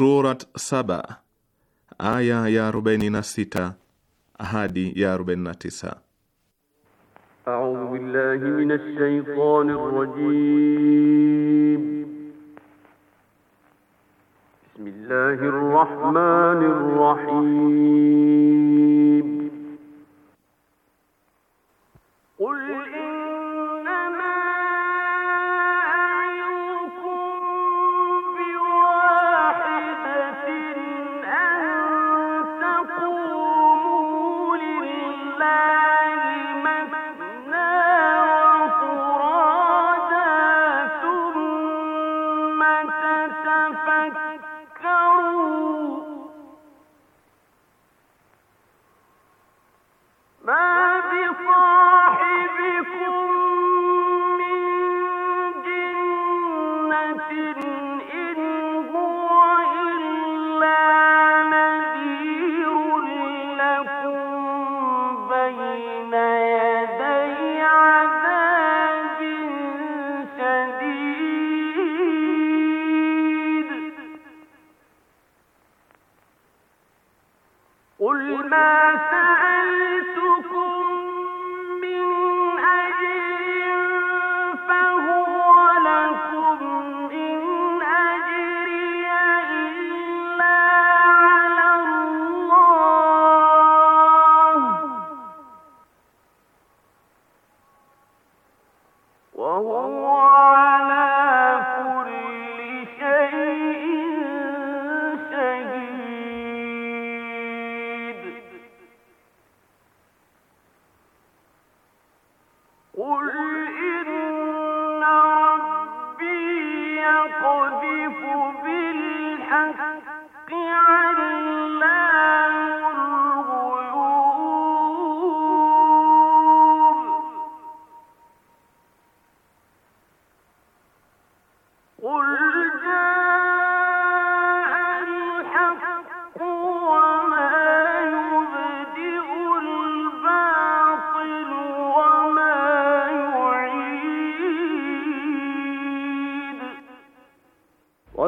Surat saba aya ya 46 hadi ya 49.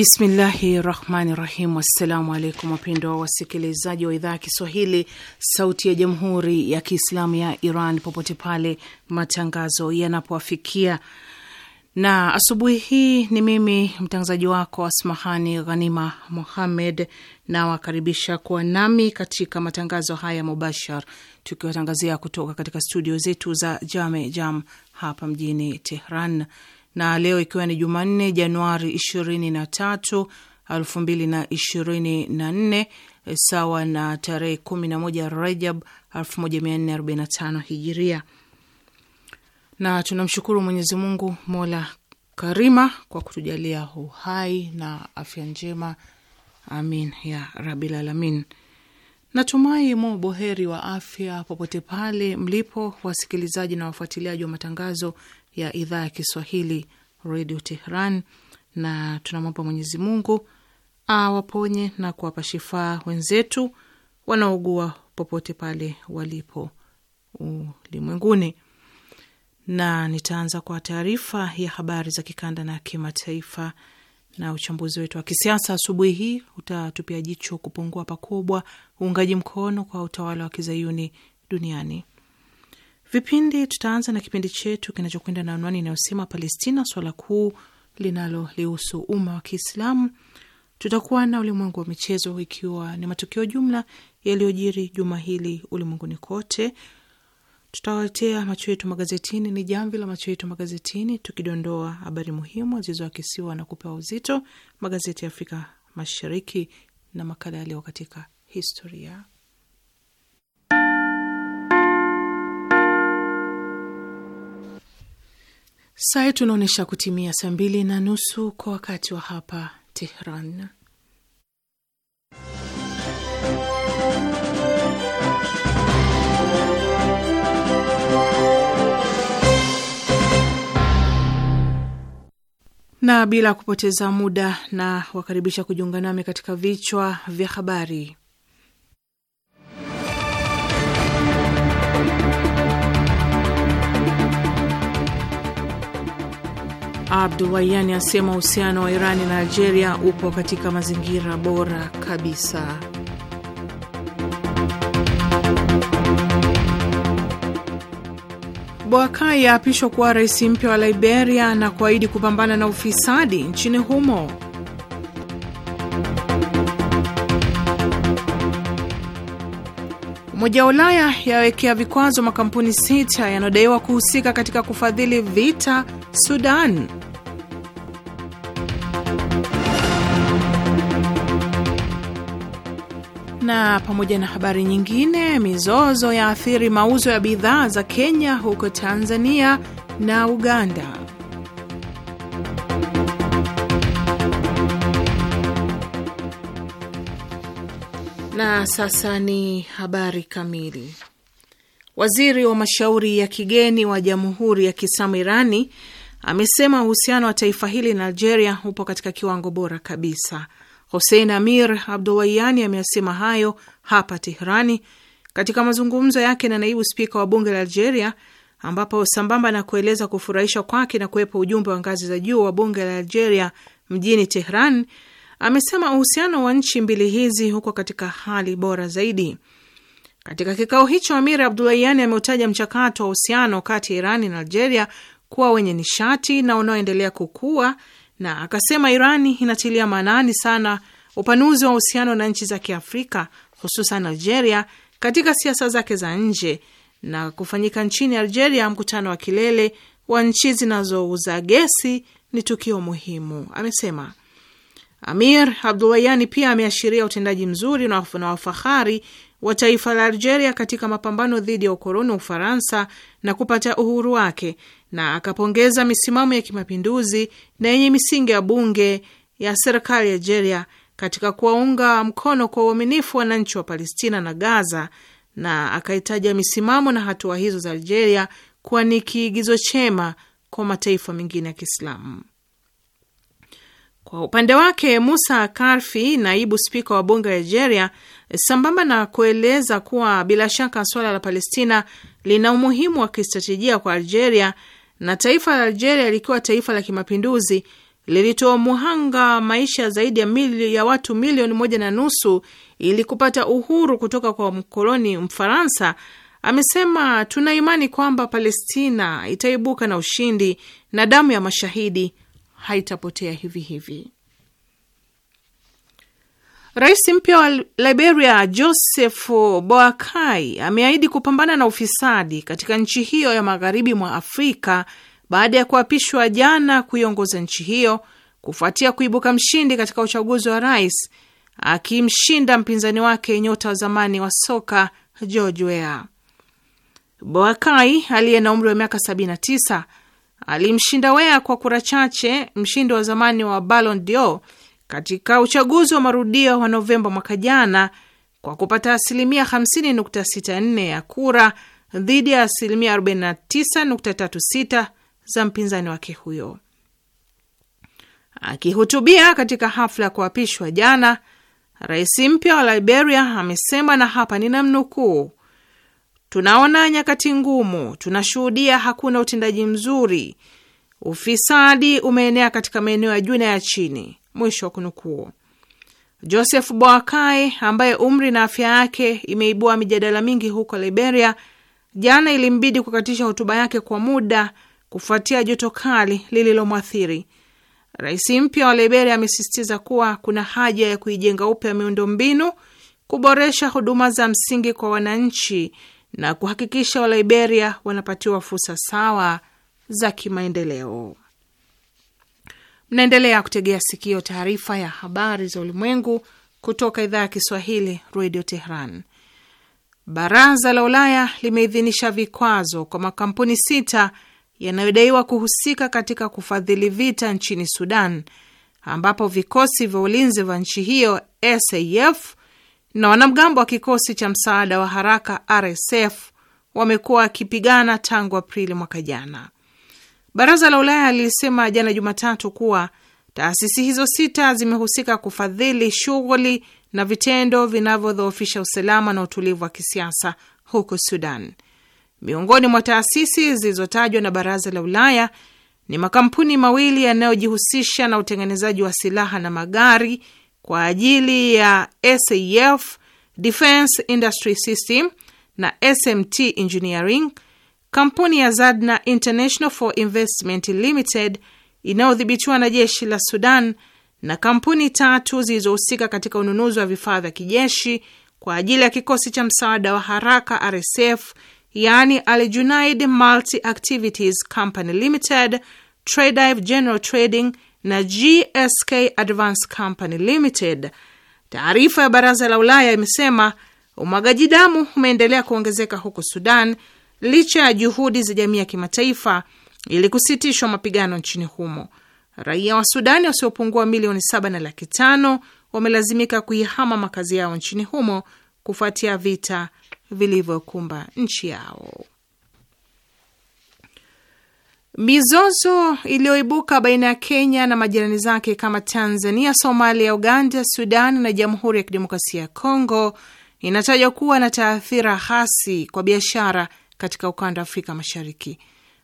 Bismillahi rahmani rahim. Assalamu alaikum wa wasikilizaji wa idhaa ya Kiswahili sauti ya jamhuri ya Kiislamu ya Iran popote pale matangazo yanapowafikia, na asubuhi hii ni mimi mtangazaji wako Asmahani Ghanima Muhammed, nawakaribisha kuwa nami katika matangazo haya mubashar, tukiwatangazia kutoka katika studio zetu za Jame Jam hapa mjini Tehran na leo ikiwa ni Jumanne, Januari 23, 2024 eh, sawa na tarehe 11 Rajab 1445 Hijiria. Na tunamshukuru Mwenyezi Mungu mola karima kwa kutujalia uhai na afya njema, amin ya rabil alamin. Natumai mo boheri wa afya popote pale mlipo, wasikilizaji na wafuatiliaji wa matangazo ya idhaa ya Kiswahili Redio Tehran, na tunamwomba Mwenyezi Mungu awaponye na kuwapa shifaa wenzetu wanaougua popote pale walipo ulimwenguni. Na nitaanza kwa taarifa ya habari za kikanda na kimataifa na uchambuzi wetu wa kisiasa asubuhi hii utatupia jicho kupungua pakubwa uungaji mkono kwa utawala wa kizayuni duniani vipindi. Tutaanza na kipindi chetu kinachokwenda na anwani inayosema Palestina, swala kuu linalolihusu umma wa Kiislamu. Tutakuwa na ulimwengu wa michezo, ikiwa ni matukio jumla yaliyojiri juma hili ulimwenguni kote. Tutawaletea macho yetu magazetini, ni jamvi la macho yetu magazetini, tukidondoa habari muhimu zilizoakisiwa na kupewa uzito magazeti ya Afrika Mashariki, na makala yaliyo katika historia. Saa yetu inaonyesha kutimia saa mbili na nusu kwa wakati wa hapa Tehran. Na bila kupoteza muda, na wakaribisha kujiunga nami katika vichwa vya habari. wayani asema uhusiano wa Irani na Algeria upo katika mazingira bora kabisa. Boakai yaapishwa kuwa rais mpya wa Liberia na kuahidi kupambana na ufisadi nchini humo. Umoja wa Ulaya yawekea vikwazo makampuni sita yanayodaiwa kuhusika katika kufadhili vita Sudan. Na pamoja na habari nyingine, mizozo ya athiri mauzo ya bidhaa za Kenya huko Tanzania na Uganda. Na sasa ni habari kamili. Waziri wa mashauri ya kigeni wa Jamhuri ya Kiislamu Irani amesema uhusiano wa taifa hili na Algeria upo katika kiwango bora kabisa. hosein Amir Abduwayani ameyasema hayo hapa tehrani katika mazungumzo yake na naibu spika wa bunge la Algeria, ambapo sambamba na kueleza kufurahishwa kwake na kuwepo ujumbe wa ngazi za juu wa bunge la Algeria mjini Tehran amesema uhusiano wa nchi mbili hizi huko katika hali bora zaidi. Katika kikao hicho, Amir Abdulayan ameutaja mchakato wa uhusiano kati ya Irani na Algeria kuwa wenye nishati na unaoendelea kukua, na akasema Irani inatilia maanani sana upanuzi wa uhusiano na nchi za Kiafrika hususan Algeria katika siasa zake za nje na kufanyika nchini Algeria mkutano wa kilele wa nchi zinazouza gesi ni tukio muhimu, amesema. Amir Abdulayani pia ameashiria utendaji mzuri na wafahari wa taifa la Algeria katika mapambano dhidi ya ukoloni wa Ufaransa na kupata uhuru wake, na akapongeza misimamo ya kimapinduzi na yenye misingi ya bunge ya serikali ya Algeria katika kuwaunga mkono kwa uaminifu wananchi wa Palestina na Gaza, na akaitaja misimamo na hatua hizo za Algeria kuwa ni kiigizo chema kwa mataifa mengine ya Kiislamu. Kwa upande wake Musa Karfi, naibu spika wa bunge la Nigeria, sambamba na kueleza kuwa bila shaka suala la Palestina lina umuhimu wa kistratejia kwa Algeria na taifa la Algeria likiwa taifa la kimapinduzi lilitoa muhanga maisha zaidi ya, mili, ya watu milioni moja na nusu ili kupata uhuru kutoka kwa mkoloni Mfaransa. Amesema tuna imani kwamba Palestina itaibuka na ushindi na damu ya mashahidi haitapotea hivi hivi. Rais mpya wa Liberia Joseph Boakai ameahidi kupambana na ufisadi katika nchi hiyo ya magharibi mwa Afrika baada ya kuapishwa jana kuiongoza nchi hiyo kufuatia kuibuka mshindi katika uchaguzi wa rais, akimshinda mpinzani wake nyota wa zamani wa soka George Weah. Boakai aliye na umri wa miaka 79 alimshinda Wea kwa kura chache, mshindi wa zamani wa Ballon d'Or katika uchaguzi wa marudio wa Novemba mwaka jana kwa kupata asilimia 50.64 ya kura dhidi ya asilimia 49.36 za mpinzani wake huyo. Akihutubia katika hafla ya kuapishwa jana, rais mpya wa Liberia amesema, na hapa ninamnukuu, Tunaona nyakati ngumu, tunashuhudia hakuna utendaji mzuri, ufisadi umeenea katika maeneo ya juu na ya chini. Mwisho wa kunukuu. Joseph Boakai ambaye umri na afya yake imeibua mijadala mingi huko Liberia, jana ilimbidi kukatisha hotuba yake kwa muda kufuatia joto kali lililomwathiri. Rais mpya wa Liberia amesisitiza kuwa kuna haja ya kuijenga upya miundombinu, kuboresha huduma za msingi kwa wananchi na kuhakikisha Waliberia wanapatiwa fursa sawa za kimaendeleo. Mnaendelea kutegea sikio taarifa ya habari za ulimwengu kutoka idhaa ya Kiswahili, Radio Tehran. Baraza la Ulaya limeidhinisha vikwazo kwa makampuni sita yanayodaiwa kuhusika katika kufadhili vita nchini Sudan, ambapo vikosi vya ulinzi vya nchi hiyo SAF na wanamgambo wa kikosi cha msaada wa haraka RSF wamekuwa wakipigana tangu Aprili mwaka jana. Baraza la Ulaya lilisema jana Jumatatu kuwa taasisi hizo sita zimehusika kufadhili shughuli na vitendo vinavyodhoofisha usalama na utulivu wa kisiasa huko Sudan. Miongoni mwa taasisi zilizotajwa na Baraza la Ulaya ni makampuni mawili yanayojihusisha na utengenezaji wa silaha na magari kwa ajili ya SAF Defense Industry System na SMT Engineering, kampuni ya Zadna International for Investment Limited inayodhibitiwa na jeshi la Sudan na kampuni tatu zilizohusika katika ununuzi wa vifaa vya kijeshi kwa ajili ya kikosi cha msaada wa haraka RSF, yani Al Junaid Multi Activities Company Limited, Tradive General Trading na GSK Advance Company Limited. Taarifa ya baraza la Ulaya imesema umwagaji damu umeendelea kuongezeka huko Sudan licha ya juhudi za jamii ya kimataifa ili kusitishwa mapigano nchini humo. Raia wa Sudani wasiopungua milioni saba na laki tano wamelazimika kuihama makazi yao nchini humo kufuatia vita vilivyokumba nchi yao. Mizozo iliyoibuka baina ya Kenya na majirani zake kama Tanzania, Somalia, Uganda, Sudan na Jamhuri ya Kidemokrasia ya Kongo inatajwa kuwa na taathira hasi kwa biashara katika ukanda wa Afrika Mashariki.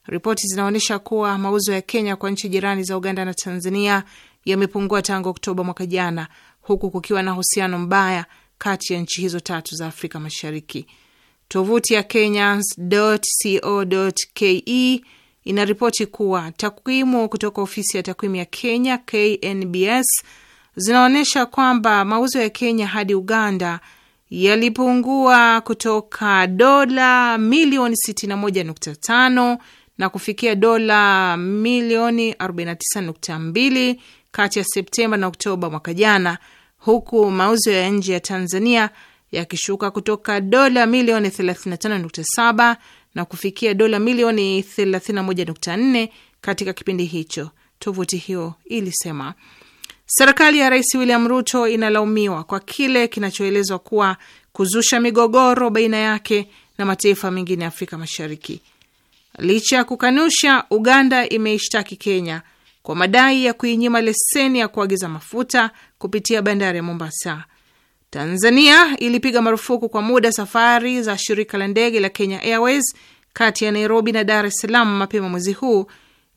Ripoti zinaonyesha kuwa mauzo ya Kenya kwa nchi jirani za Uganda na Tanzania yamepungua tangu Oktoba mwaka jana, huku kukiwa na uhusiano mbaya kati ya nchi hizo tatu za Afrika Mashariki. Tovuti ya kenyans.co.ke inaripoti kuwa takwimu kutoka ofisi ya takwimu ya Kenya KNBS zinaonyesha kwamba mauzo ya Kenya hadi Uganda yalipungua kutoka dola milioni 61.5 na kufikia dola milioni 49.2 kati ya Septemba na Oktoba mwaka jana, huku mauzo ya nje ya Tanzania yakishuka kutoka dola milioni 35.7 na kufikia dola milioni 31.4 katika kipindi hicho, tovuti hiyo ilisema. Serikali ya Rais William Ruto inalaumiwa kwa kile kinachoelezwa kuwa kuzusha migogoro baina yake na mataifa mengine ya Afrika Mashariki. Licha ya kukanusha, Uganda imeishtaki Kenya kwa madai ya kuinyima leseni ya kuagiza mafuta kupitia bandari ya Mombasa Tanzania ilipiga marufuku kwa muda safari za shirika la ndege la Kenya Airways kati ya Nairobi na Dar es Salaam mapema mwezi huu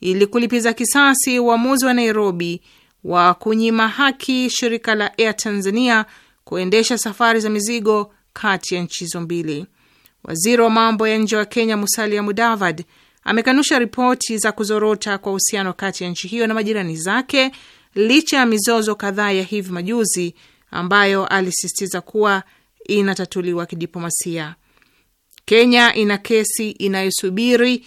ili kulipiza kisasi uamuzi wa Nairobi wa kunyima haki shirika la Air Tanzania kuendesha safari za mizigo kati ya nchi hizo mbili. Waziri wa mambo ya nje wa Kenya Musalia Mudavadi amekanusha ripoti za kuzorota kwa uhusiano kati ya nchi hiyo na majirani zake licha ya mizozo kadhaa ya hivi majuzi ambayo alisisitiza kuwa inatatuliwa kidiplomasia. Kenya ina kesi inayosubiri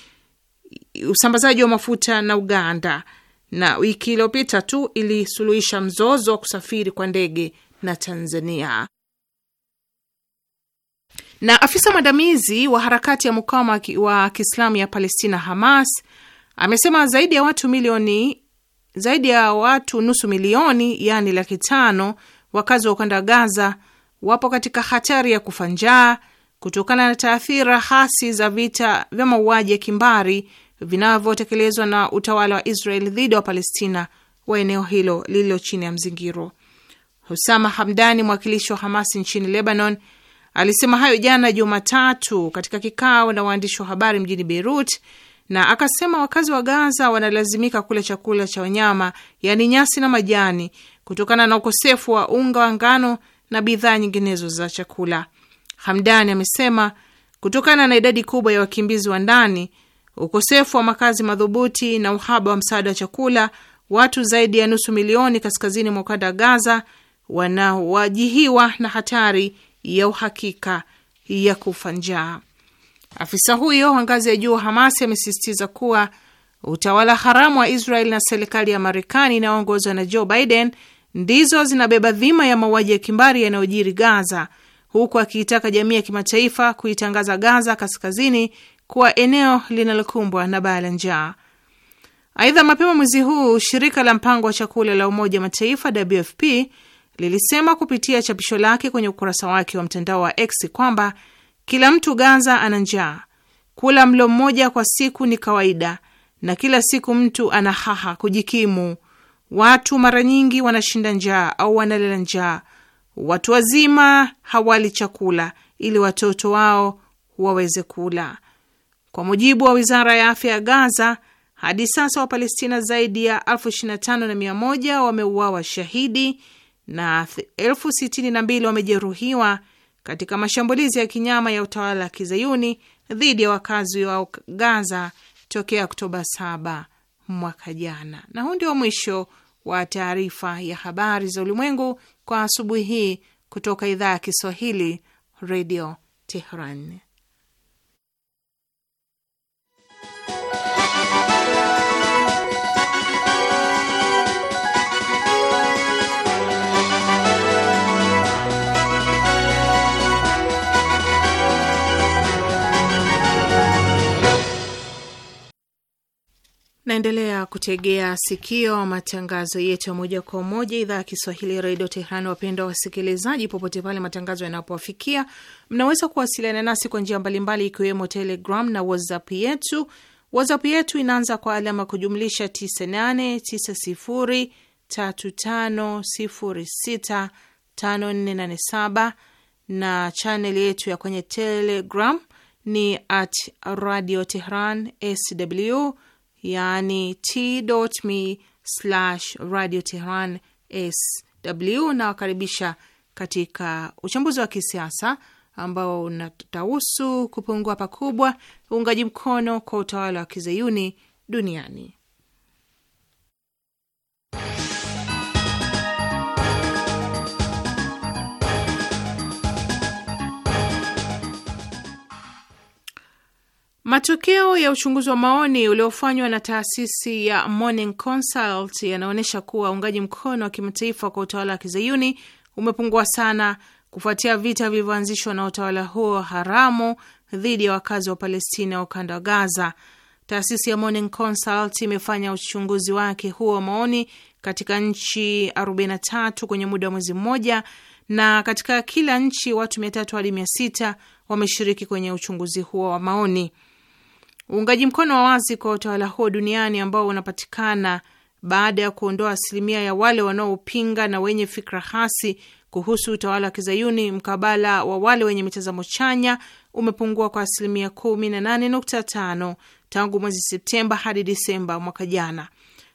usambazaji wa mafuta na Uganda, na wiki iliyopita tu ilisuluhisha mzozo wa kusafiri kwa ndege na Tanzania. Na afisa mwandamizi wa harakati ya mukawama wa Kiislamu ya Palestina, Hamas, amesema zaidi ya watu milioni zaidi ya watu nusu milioni, yaani laki tano wakazi wa ukanda wa Gaza wapo katika hatari ya kufa njaa kutokana na taathira hasi za vita vya mauaji ya kimbari vinavyotekelezwa na utawala wa Israel dhidi ya Wapalestina wa eneo hilo lililo chini ya mzingiro. Husama Hamdani, mwakilishi wa Hamasi nchini Lebanon, alisema hayo jana Jumatatu katika kikao na waandishi wa habari mjini Beirut, na akasema wakazi wa Gaza wanalazimika kula chakula cha wanyama, yaani nyasi na majani, kutokana na ukosefu wa unga wa ngano na bidhaa nyinginezo za chakula. Hamdani amesema kutokana na idadi kubwa ya wakimbizi wa ndani, ukosefu wa makazi madhubuti na uhaba wa msaada wa chakula, watu zaidi ya nusu milioni kaskazini mwa ukanda wa Gaza wanawajihiwa na hatari ya uhakika ya kufa njaa. Afisa huyo wa ngazi ya juu wa Hamas amesisitiza kuwa utawala haramu wa Israel na serikali ya Marekani inayoongozwa na Joe Biden ndizo zinabeba dhima ya mauaji ya kimbari yanayojiri Gaza, huku akiitaka jamii ya kimataifa kuitangaza Gaza kaskazini kuwa eneo linalokumbwa na baa la njaa. Aidha, mapema mwezi huu shirika la mpango wa chakula la Umoja wa Mataifa WFP lilisema kupitia chapisho lake kwenye ukurasa wake wa mtandao wa X kwamba kila mtu Gaza ana njaa, kula mlo mmoja kwa siku ni kawaida, na kila siku mtu ana haha kujikimu Watu mara nyingi wanashinda njaa au wanalala njaa. Watu wazima hawali chakula ili watoto wao waweze kula. Kwa mujibu wa wizara ya afya ya Gaza, hadi sasa Wapalestina zaidi ya elfu ishirini na tano na mia moja wameuawa shahidi na elfu sitini na mbili wamejeruhiwa katika mashambulizi ya kinyama ya utawala wa kizayuni dhidi ya wakazi wa Gaza tokea Oktoba 7 mwaka jana. Na huu ndio mwisho wa taarifa ya habari za ulimwengu kwa asubuhi hii kutoka idhaa ya Kiswahili, radio Tehran. Naendelea kutegea sikio matangazo yetu ya moja kwa moja idhaa ya Kiswahili redio tehran Wapendwa wasikilizaji, popote pale matangazo yanapowafikia, mnaweza kuwasiliana nasi kwa njia mbalimbali, ikiwemo Telegram na WhatsApp yetu. WhatsApp yetu inaanza kwa alama kujumlisha 989035065487 na chaneli yetu ya kwenye Telegram ni at radio Tehran sw yaani t.me radio Tehran sw. Nawakaribisha katika uchambuzi wa kisiasa ambao unatahusu kupungua pakubwa uungaji mkono kwa utawala wa kizayuni duniani. Matokeo ya uchunguzi wa maoni uliofanywa na taasisi ya Morning Consult yanaonyesha kuwa uungaji mkono wa kimataifa kwa utawala wa kizayuni umepungua sana kufuatia vita vilivyoanzishwa na utawala huo haramu dhidi ya wakazi wa Palestina wa ukanda wa Gaza. Taasisi ya Morning Consult imefanya uchunguzi wake huo wa maoni katika nchi 43 kwenye muda wa mwezi mmoja, na katika kila nchi watu 300 hadi 600 wameshiriki kwenye uchunguzi huo wa maoni. Uungaji mkono wa wazi kwa utawala huo duniani ambao unapatikana baada ya kuondoa asilimia ya wale wanaopinga na wenye fikra hasi kuhusu utawala wa kizayuni mkabala wa wale wenye mitazamo chanya umepungua kwa asilimia 18.5 tangu mwezi Septemba hadi Disemba mwaka jana.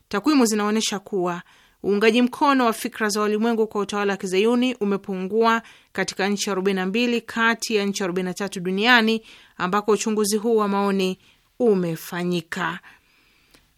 Takwimu zinaonyesha kuwa uungaji mkono wa fikra za walimwengu kwa utawala wa kizayuni umepungua katika nchi 42 kati ya nchi 43 duniani ambako uchunguzi huu wa maoni umefanyika.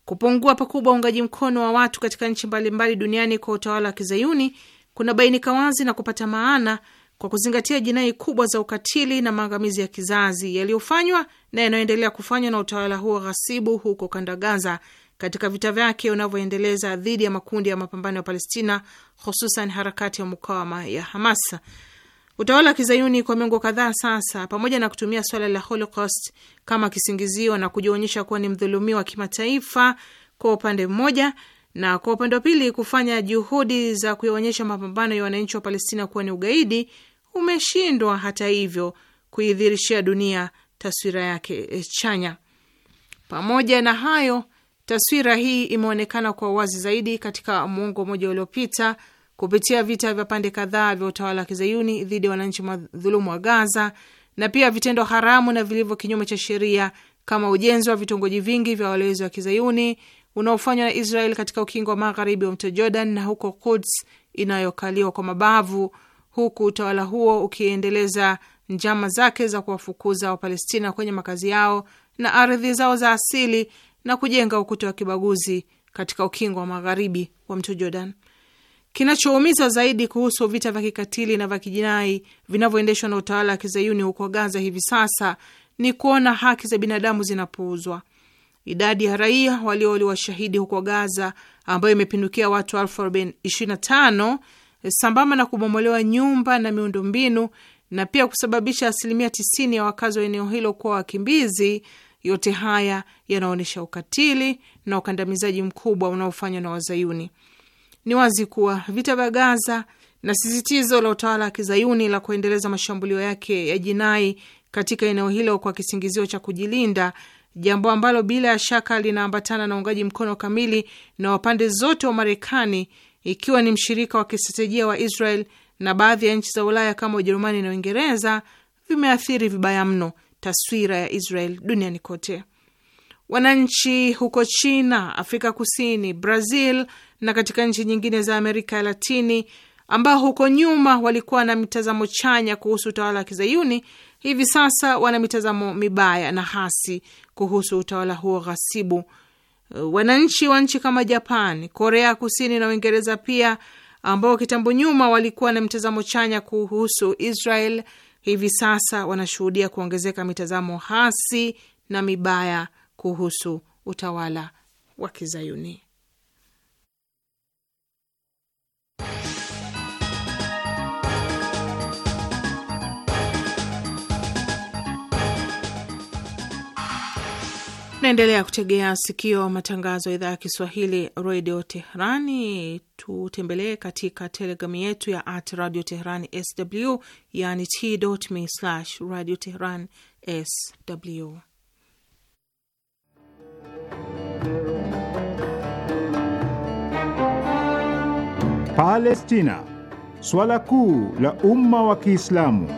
Kupungua pakubwa uungaji mkono wa watu katika nchi mbalimbali duniani kwa utawala wa kizayuni kunabainika wazi na kupata maana kwa kuzingatia jinai kubwa za ukatili na maangamizi ya kizazi yaliyofanywa na yanayoendelea kufanywa na utawala huo ghasibu huko kanda Gaza katika vita vyake unavyoendeleza dhidi ya makundi ya mapambano ya Palestina, hususan harakati ya mukawama ya Hamas Utawala wa kizayuni kwa miongo kadhaa sasa, pamoja na kutumia swala la Holocaust kama kisingizio na kujionyesha kuwa ni mdhulumiwa wa kimataifa kwa upande mmoja, na kwa upande wa pili kufanya juhudi za kuyaonyesha mapambano ya wananchi wa Palestina kuwa ni ugaidi, umeshindwa hata hivyo kuidhirishia dunia taswira yake chanya. Pamoja na hayo, taswira hii imeonekana kwa wazi zaidi katika muongo mmoja uliopita kupitia vita vya pande kadhaa vya utawala wa kizayuni dhidi ya wananchi madhulumu wa Gaza na pia vitendo haramu na vilivyo kinyume cha sheria kama ujenzi wa vitongoji vingi vya walowezi wa kizayuni unaofanywa na Israel katika ukingo wa magharibi wa mto Jordan na huko Kuds inayokaliwa kwa mabavu, huku utawala huo ukiendeleza njama zake za kuwafukuza Wapalestina kwenye makazi yao na ardhi zao za asili na kujenga ukuta wa kibaguzi katika ukingo wa magharibi wa mto Jordan. Kinachoumiza zaidi kuhusu vita vya kikatili na vya kijinai vinavyoendeshwa na utawala wa kizayuni huko Gaza hivi sasa ni kuona haki za binadamu zinapuuzwa. Idadi ya raia waliouliwa shahidi huko Gaza, ambayo imepindukia watu elfu sambamba na kubomolewa nyumba na miundombinu na pia kusababisha asilimia 90 ya wakazi wa eneo hilo kuwa wakimbizi. Yote haya yanaonyesha ukatili na ukandamizaji mkubwa unaofanywa na Wazayuni. Ni wazi kuwa vita vya Gaza na sisitizo la utawala wa kizayuni la kuendeleza mashambulio yake ya jinai katika eneo hilo kwa kisingizio cha kujilinda, jambo ambalo bila ya shaka linaambatana na uungaji mkono kamili na wapande zote wa Marekani, ikiwa ni mshirika wa kistratejia wa Israel na baadhi ya nchi za Ulaya kama Ujerumani na Uingereza, vimeathiri vibaya mno taswira ya Israel duniani kote. Wananchi huko China, Afrika Kusini, Brazil na katika nchi nyingine za Amerika ya Latini ambao huko nyuma walikuwa na mitazamo chanya kuhusu utawala wa kizayuni hivi sasa wana mitazamo mibaya na hasi kuhusu utawala huo ghasibu. Uh, wananchi wa nchi kama Japan, Korea Kusini na Uingereza pia ambao kitambo nyuma walikuwa na mitazamo chanya kuhusu Israel hivi sasa wanashuhudia kuongezeka mitazamo hasi na mibaya kuhusu utawala wa kizayuni. Naendelea kutegea sikio matangazo ya idhaa ya Kiswahili redio Teherani. Tutembelee katika telegramu yetu ya at radio teherani sw, yani t.me slash radio tehran sw. Palestina, swala kuu la umma wa Kiislamu.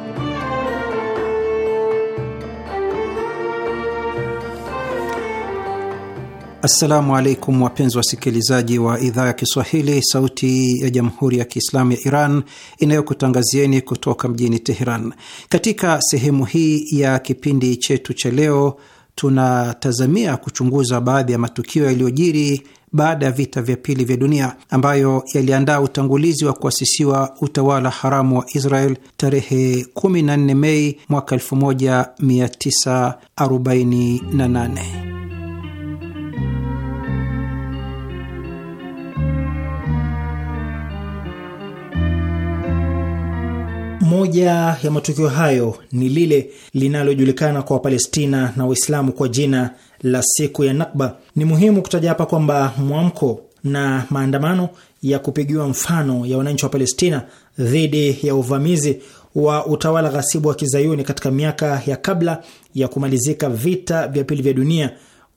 Assalamu alaikum wapenzi wasikilizaji wa idhaa ya Kiswahili, sauti ya jamhuri ya kiislamu ya Iran inayokutangazieni kutoka mjini Teheran. Katika sehemu hii ya kipindi chetu cha leo, tunatazamia kuchunguza baadhi ya matukio yaliyojiri baada ya vita vya pili vya dunia ambayo yaliandaa utangulizi wa kuasisiwa utawala haramu wa Israel tarehe 14 Mei mwaka 1948. Moja ya matukio hayo ni lile linalojulikana kwa Wapalestina na Waislamu kwa jina la siku ya Nakba. Ni muhimu kutaja hapa kwamba mwamko na maandamano ya kupigiwa mfano ya wananchi wa Palestina dhidi ya uvamizi wa utawala ghasibu wa kizayuni katika miaka ya kabla ya kumalizika vita vya pili vya dunia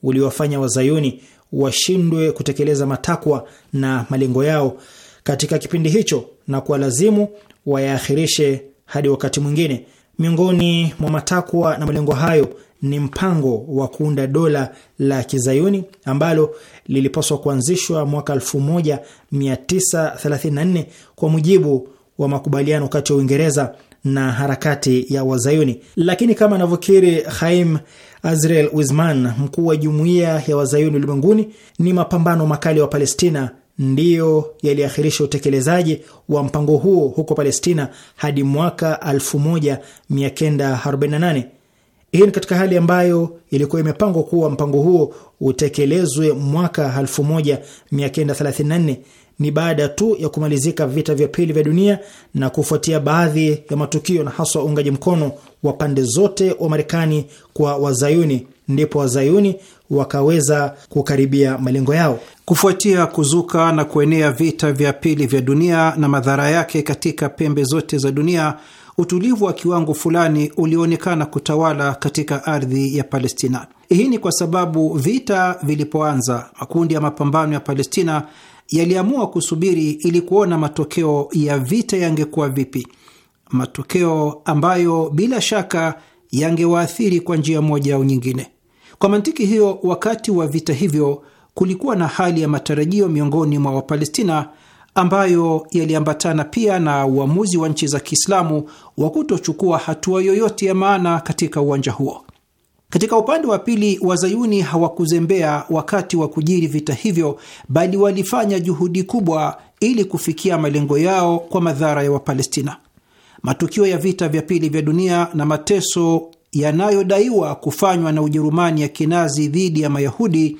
uliowafanya wazayuni washindwe kutekeleza matakwa na malengo yao katika kipindi hicho na kuwa lazimu wayaakhirishe hadi wakati mwingine. Miongoni mwa matakwa na malengo hayo ni mpango wa kuunda dola la kizayuni ambalo lilipaswa kuanzishwa mwaka 1934 kwa mujibu wa makubaliano kati ya Uingereza na harakati ya Wazayuni. Lakini kama anavyokiri Haim Azrael Wisman, mkuu wa jumuiya ya Wazayuni ulimwenguni, ni mapambano makali wa Palestina ndiyo yaliakhirisha utekelezaji wa mpango huo huko Palestina hadi mwaka 1948. Hii ni katika hali ambayo ilikuwa imepangwa kuwa mpango huo utekelezwe mwaka 1934. Ni baada tu ya kumalizika vita vya pili vya dunia na kufuatia baadhi ya matukio na haswa uungaji mkono wa pande zote wa Marekani kwa Wazayuni, ndipo Wazayuni wakaweza kukaribia malengo yao. Kufuatia kuzuka na kuenea vita vya pili vya dunia na madhara yake katika pembe zote za dunia utulivu wa kiwango fulani ulionekana kutawala katika ardhi ya Palestina. Hii ni kwa sababu vita vilipoanza, makundi ya mapambano ya Palestina yaliamua kusubiri ili kuona matokeo ya vita yangekuwa vipi, matokeo ambayo bila shaka yangewaathiri kwa njia moja au nyingine. Kwa mantiki hiyo, wakati wa vita hivyo kulikuwa na hali ya matarajio miongoni mwa Wapalestina ambayo yaliambatana pia na uamuzi wa nchi za Kiislamu wa kutochukua hatua yoyote ya maana katika uwanja huo. Katika upande wa pili, wazayuni hawakuzembea wakati wa kujiri vita hivyo, bali walifanya juhudi kubwa ili kufikia malengo yao kwa madhara ya Wapalestina. Matukio ya vita vya pili vya dunia na mateso yanayodaiwa kufanywa na Ujerumani ya kinazi dhidi ya Mayahudi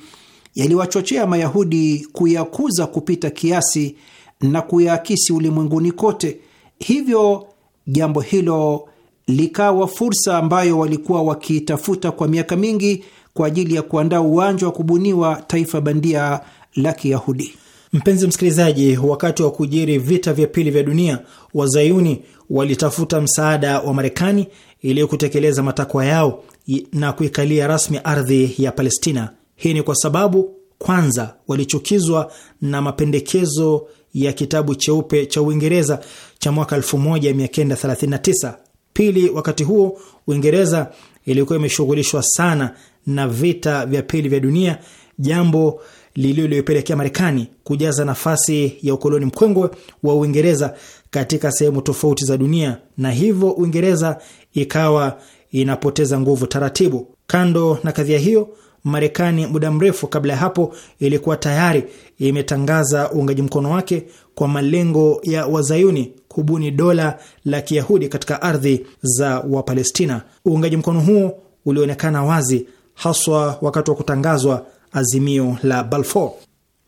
yaliwachochea Mayahudi kuyakuza kupita kiasi na kuyaakisi ulimwenguni kote. Hivyo jambo hilo likawa fursa ambayo walikuwa wakiitafuta kwa miaka mingi kwa ajili ya kuandaa uwanja wa kubuniwa taifa bandia la Kiyahudi. Mpenzi msikilizaji, wakati wa kujiri vita vya pili vya dunia, wazayuni walitafuta msaada wa Marekani ili kutekeleza matakwa yao na kuikalia rasmi ardhi ya Palestina. Hii ni kwa sababu kwanza, walichukizwa na mapendekezo ya kitabu cheupe cha Uingereza cha mwaka 1939. Pili, wakati huo Uingereza ilikuwa imeshughulishwa sana na vita vya pili vya dunia, jambo lililoipelekea Marekani kujaza nafasi ya ukoloni mkwengwe wa Uingereza katika sehemu tofauti za dunia, na hivyo Uingereza ikawa inapoteza nguvu taratibu. Kando na kadhia hiyo Marekani muda mrefu kabla ya hapo ilikuwa tayari imetangaza uungaji mkono wake kwa malengo ya wazayuni kubuni dola la kiyahudi katika ardhi za Wapalestina. Uungaji mkono huo ulionekana wazi haswa wakati wa kutangazwa azimio la Balfour.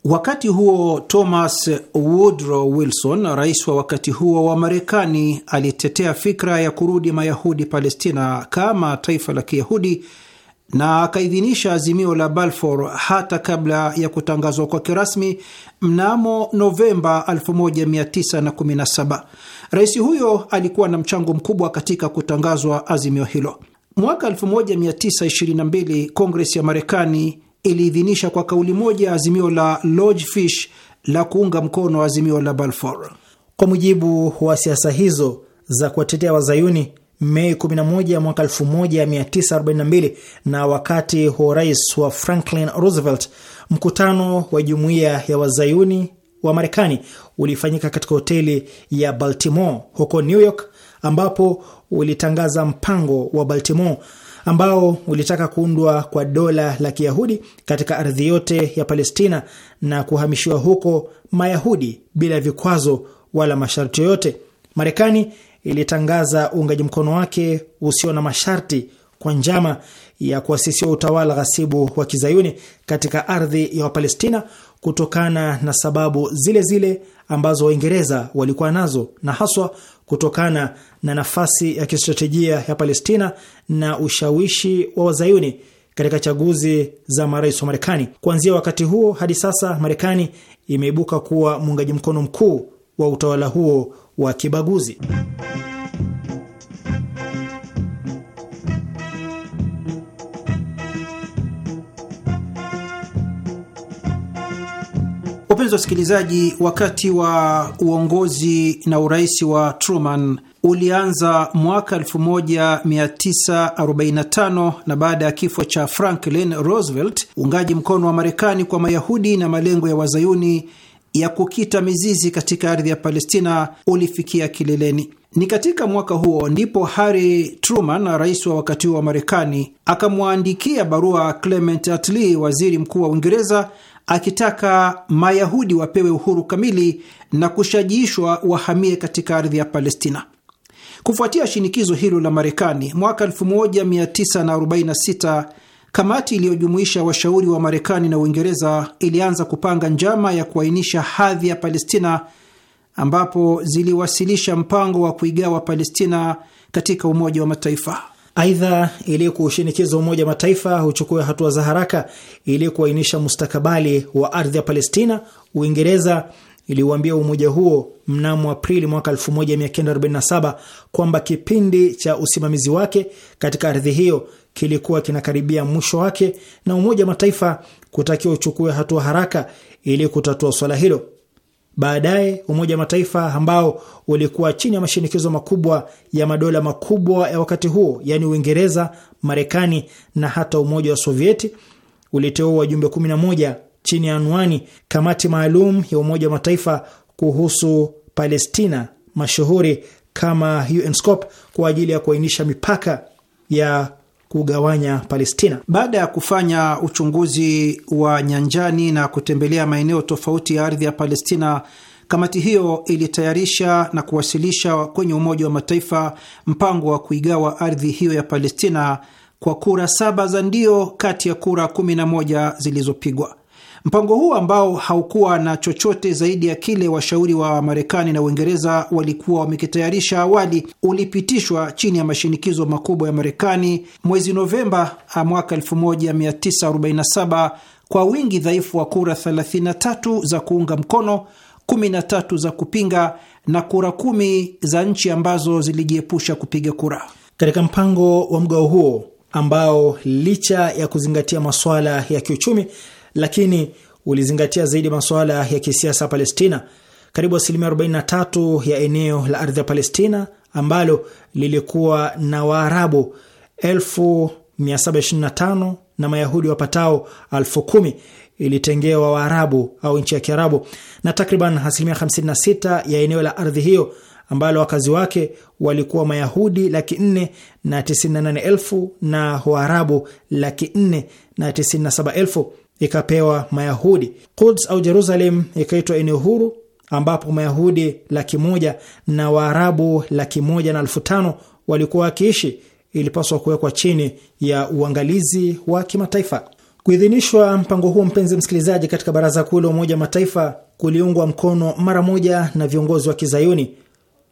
Wakati huo Thomas Woodrow Wilson, rais wa wakati huo wa Marekani, alitetea fikra ya kurudi Mayahudi Palestina kama taifa la Kiyahudi na akaidhinisha azimio la Balfour hata kabla ya kutangazwa kwake rasmi mnamo Novemba 1917. Rais huyo alikuwa na mchango mkubwa katika kutangazwa azimio hilo. Mwaka 1922 Kongres ya Marekani iliidhinisha kwa kauli moja azimio la Lodge Fish la kuunga mkono azimio la Balfour. Kwa mujibu wa siasa hizo za kuwatetea Wazayuni, Mei 11 mwaka 1942 na wakati wa urais wa Franklin Roosevelt, mkutano wa jumuiya ya wazayuni wa Marekani ulifanyika katika hoteli ya Baltimore huko New York, ambapo ulitangaza mpango wa Baltimore ambao ulitaka kuundwa kwa dola la Kiyahudi katika ardhi yote ya Palestina na kuhamishiwa huko Mayahudi bila vikwazo wala masharti yoyote. Marekani ilitangaza uungaji mkono wake usio na masharti kwa njama ya kuasisiwa utawala ghasibu wa kizayuni katika ardhi ya Wapalestina kutokana na sababu zile zile ambazo Waingereza walikuwa nazo na haswa kutokana na nafasi ya kistratejia ya Palestina na ushawishi wa Wazayuni katika chaguzi za marais wa Marekani. Kuanzia wakati huo hadi sasa, Marekani imeibuka kuwa muungaji mkono mkuu wa utawala huo wa kibaguzi. Wapenzi wasikilizaji, wakati wa uongozi na urais wa Truman ulianza mwaka 1945 na baada ya kifo cha Franklin Roosevelt, uungaji mkono wa Marekani kwa Mayahudi na malengo ya Wazayuni ya kukita mizizi katika ardhi ya Palestina ulifikia kileleni. Ni katika mwaka huo ndipo Harry Truman, rais wa wakati huo wa Marekani, akamwandikia barua Clement Attlee, waziri mkuu wa Uingereza, akitaka Mayahudi wapewe uhuru kamili na kushajiishwa wahamie katika ardhi ya Palestina. Kufuatia shinikizo hilo la Marekani, mwaka 1946 Kamati iliyojumuisha washauri wa Marekani na Uingereza ilianza kupanga njama ya kuainisha hadhi ya Palestina, ambapo ziliwasilisha mpango wa kuigawa Palestina katika Umoja wa Mataifa. Aidha, ili kushinikiza Umoja wa Mataifa huchukua hatua za haraka ili kuainisha mustakabali wa ardhi ya Palestina, Uingereza iliuambia umoja huo mnamo Aprili mwaka 1947 kwamba kipindi cha usimamizi wake katika ardhi hiyo kilikuwa kinakaribia mwisho wake na Umoja wa Mataifa kutakiwa uchukue hatua haraka ili kutatua swala hilo. Baadaye Umoja wa Mataifa ambao ulikuwa chini ya mashinikizo makubwa ya madola makubwa ya wakati huo, yaani Uingereza, Marekani na hata Umoja wa Sovieti, uliteua wajumbe 11 chini ya anwani Kamati Maalum ya Umoja wa Mataifa kuhusu Palestina, mashuhuri kama UNSCOP, kwa ajili ya kuainisha mipaka ya kugawanya Palestina. Baada ya kufanya uchunguzi wa nyanjani na kutembelea maeneo tofauti ya ardhi ya Palestina, kamati hiyo ilitayarisha na kuwasilisha kwenye Umoja wa Mataifa mpango wa kuigawa ardhi hiyo ya Palestina kwa kura saba za ndio kati ya kura kumi na moja zilizopigwa. Mpango huu ambao haukuwa na chochote zaidi ya kile washauri wa Marekani na Uingereza walikuwa wamekitayarisha awali ulipitishwa chini ya mashinikizo makubwa ya Marekani mwezi Novemba mwaka 1947 kwa wingi dhaifu wa kura 33 za kuunga mkono, 13 za kupinga na kura kumi za nchi ambazo zilijiepusha kupiga kura. Katika mpango wa mgao huo ambao licha ya kuzingatia masuala ya kiuchumi lakini ulizingatia zaidi masuala ya kisiasa Palestina. Karibu asilimia 43 ya eneo la ardhi ya Palestina ambalo lilikuwa na Waarabu 1725 na Mayahudi wapatao 10,000 ilitengewa Waarabu au nchi ya Kiarabu, na takriban asilimia 56 ya eneo la ardhi hiyo ambalo wakazi wake walikuwa Mayahudi laki nne na 98 elfu na Waarabu laki nne na tisini na elfu ikapewa Mayahudi. Quds au Jerusalem ikaitwa eneo huru ambapo Mayahudi laki moja na Waarabu laki moja na elfu tano walikuwa wakiishi, ilipaswa kuwekwa chini ya uangalizi wa kimataifa. Kuidhinishwa mpango huo, mpenzi msikilizaji, katika Baraza Kuu la Umoja wa Mataifa kuliungwa mkono mara moja na viongozi wa Kizayuni,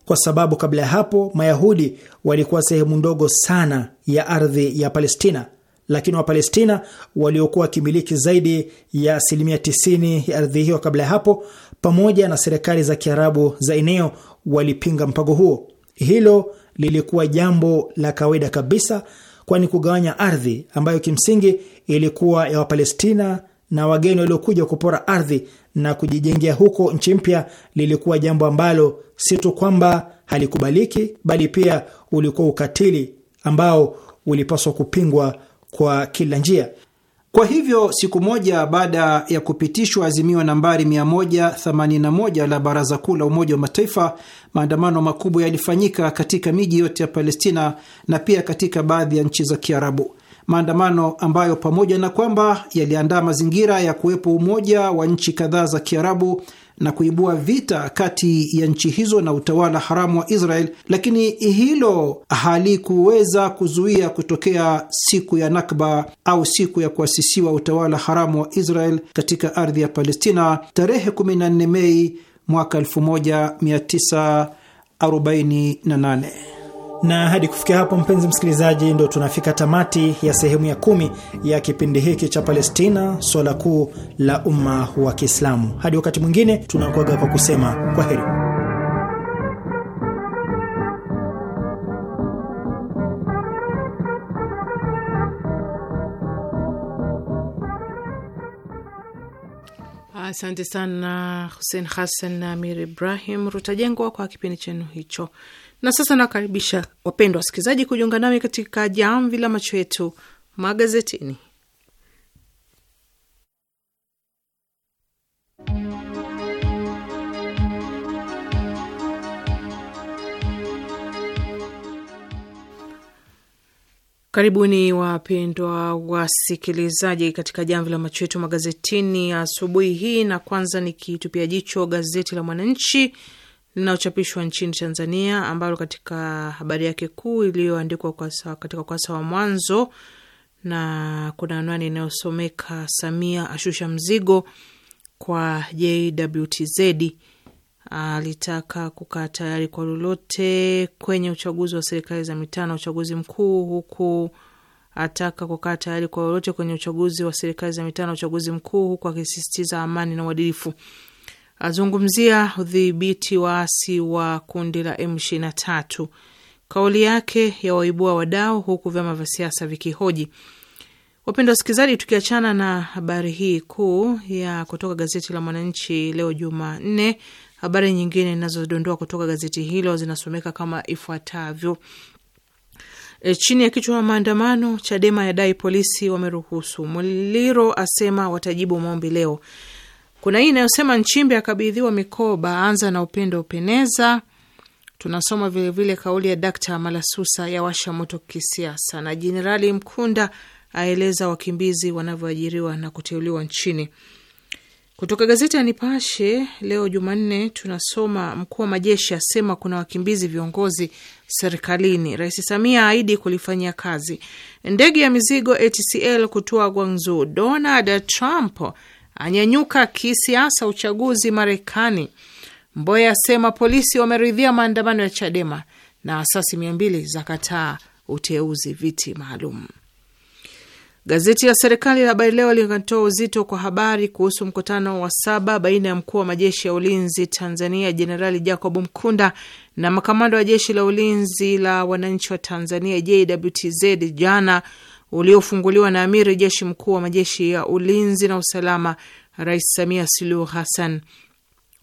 kwa sababu kabla ya hapo Mayahudi walikuwa sehemu ndogo sana ya ardhi ya Palestina lakini Wapalestina waliokuwa wakimiliki zaidi ya asilimia 90 ya ardhi hiyo kabla ya hapo, pamoja na serikali za Kiarabu za eneo walipinga mpango huo. Hilo lilikuwa jambo la kawaida kabisa, kwani kugawanya ardhi ambayo kimsingi ilikuwa ya Wapalestina na wageni waliokuja kupora ardhi na kujijengea huko nchi mpya lilikuwa jambo ambalo si tu kwamba halikubaliki, bali pia ulikuwa ukatili ambao ulipaswa kupingwa kwa kila njia. Kwa hivyo siku moja baada ya kupitishwa azimio nambari 181 la Baraza Kuu la Umoja wa Mataifa, maandamano makubwa yalifanyika katika miji yote ya Palestina na pia katika baadhi ya nchi za Kiarabu, maandamano ambayo pamoja na kwamba yaliandaa mazingira ya kuwepo umoja wa nchi kadhaa za Kiarabu na kuibua vita kati ya nchi hizo na utawala haramu wa Israel, lakini hilo halikuweza kuzuia kutokea siku ya Nakba au siku ya kuasisiwa utawala haramu wa Israel katika ardhi ya Palestina tarehe 14 Mei mwaka 1948. Na hadi kufikia hapo, mpenzi msikilizaji, ndio tunafika tamati ya sehemu ya kumi ya kipindi hiki cha Palestina, swala kuu la umma wa Kiislamu. Hadi wakati mwingine, tunakuaga kwa kusema kwa heri. Asante sana Hussein Hassan na Amir Ibrahim Rutajengwa kwa kipindi chenu hicho. Na sasa nawakaribisha wapendwa wasikilizaji kujiunga nami katika jamvi la macho yetu magazetini. Karibuni wapendwa wasikilizaji katika jamvi la macho yetu magazetini asubuhi hii, na kwanza nikitupia jicho gazeti la Mwananchi linalochapishwa nchini Tanzania, ambalo katika habari yake kuu iliyoandikwa katika ukurasa wa mwanzo na kuna anwani inayosomeka Samia ashusha mzigo kwa JWTZ, alitaka kukaa tayari kwa lolote kwenye uchaguzi wa serikali za mitaa na uchaguzi mkuu, huku ataka kukaa tayari kwa lolote kwenye uchaguzi wa serikali za mitaa na uchaguzi mkuu, huku akisisitiza amani na uadilifu azungumzia udhibiti waasi wa kundi la M23. Kauli yake ya waibua wadau, huku vyama vya siasa vikihoji. Wapendwa wasikilizaji, tukiachana na habari hii kuu ya kutoka gazeti la Mwananchi leo Jumanne, habari nyingine inazodondoa kutoka gazeti hilo zinasomeka kama ifuatavyo. E, chini ya kichwa maandamano, Chadema yadai polisi wameruhusu. Mliro asema watajibu maombi leo. Kuna hii inayosema Nchimbi akabidhiwa mikoba, anza na upendo upeneza. Tunasoma vilevile vile kauli ya Dakta Malasusa ya washa moto kisiasa, na Jenerali Mkunda aeleza wakimbizi wanavyoajiriwa na kuteuliwa nchini. Kutoka gazeti ya Nipashe leo Jumanne tunasoma mkuu wa majeshi asema kuna wakimbizi viongozi serikalini. Rais Samia aahidi kulifanyia kazi. Ndege ya mizigo ATCL kutua Guangzhou. Donald Trump anyanyuka kisiasa uchaguzi Marekani. Mboya asema polisi wameridhia maandamano ya Chadema na asasi mia mbili za kataa uteuzi viti maalum. Gazeti la serikali la Habari Leo linatoa uzito kwa habari kuhusu mkutano wa saba baina ya mkuu wa majeshi ya ulinzi Tanzania Jenerali Jacob Mkunda na makamanda wa jeshi la ulinzi la wananchi wa Tanzania JWTZ jana uliofunguliwa na amiri jeshi mkuu wa majeshi ya ulinzi na usalama Rais Samia Suluhu Hassan.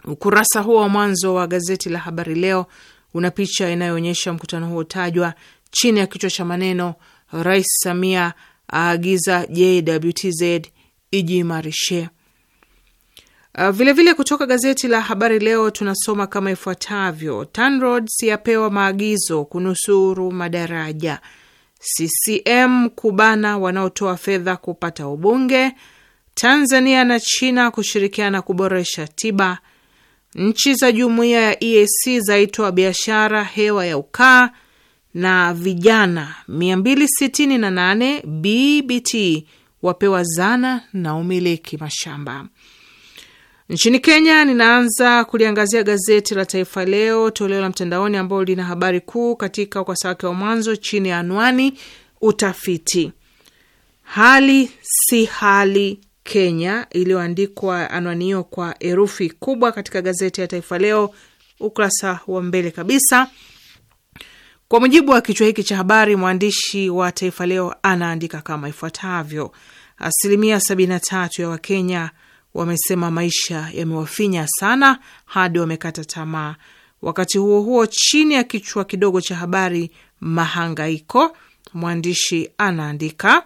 Ukurasa huo wa mwanzo wa gazeti la Habari Leo una picha inayoonyesha mkutano huo tajwa chini ya kichwa cha maneno Rais Samia aagiza JWTZ ijiimarishe. Vilevile ah, kutoka gazeti la Habari Leo tunasoma kama ifuatavyo: TANROADS yapewa maagizo kunusuru madaraja CCM kubana wanaotoa fedha kupata ubunge, Tanzania na China kushirikiana kuboresha tiba, nchi za jumuiya ya EAC zaitoa biashara hewa ya ukaa, na vijana 268 BBT wapewa zana na umiliki mashamba. Nchini Kenya, ninaanza kuliangazia gazeti la Taifa Leo toleo la mtandaoni, ambalo lina habari kuu katika ukurasa wake wa mwanzo chini ya anwani utafiti hali si hali Kenya, iliyoandikwa anwani hiyo kwa herufi kubwa katika gazeti ya Taifa Leo ukurasa wa mbele kabisa. Kwa mujibu wa kichwa hiki cha habari, mwandishi wa Taifa Leo anaandika kama ifuatavyo: asilimia 73 ya Wakenya wamesema maisha yamewafinya sana hadi wamekata tamaa. Wakati huo huo, chini ya kichwa kidogo cha habari mahangaiko, mwandishi anaandika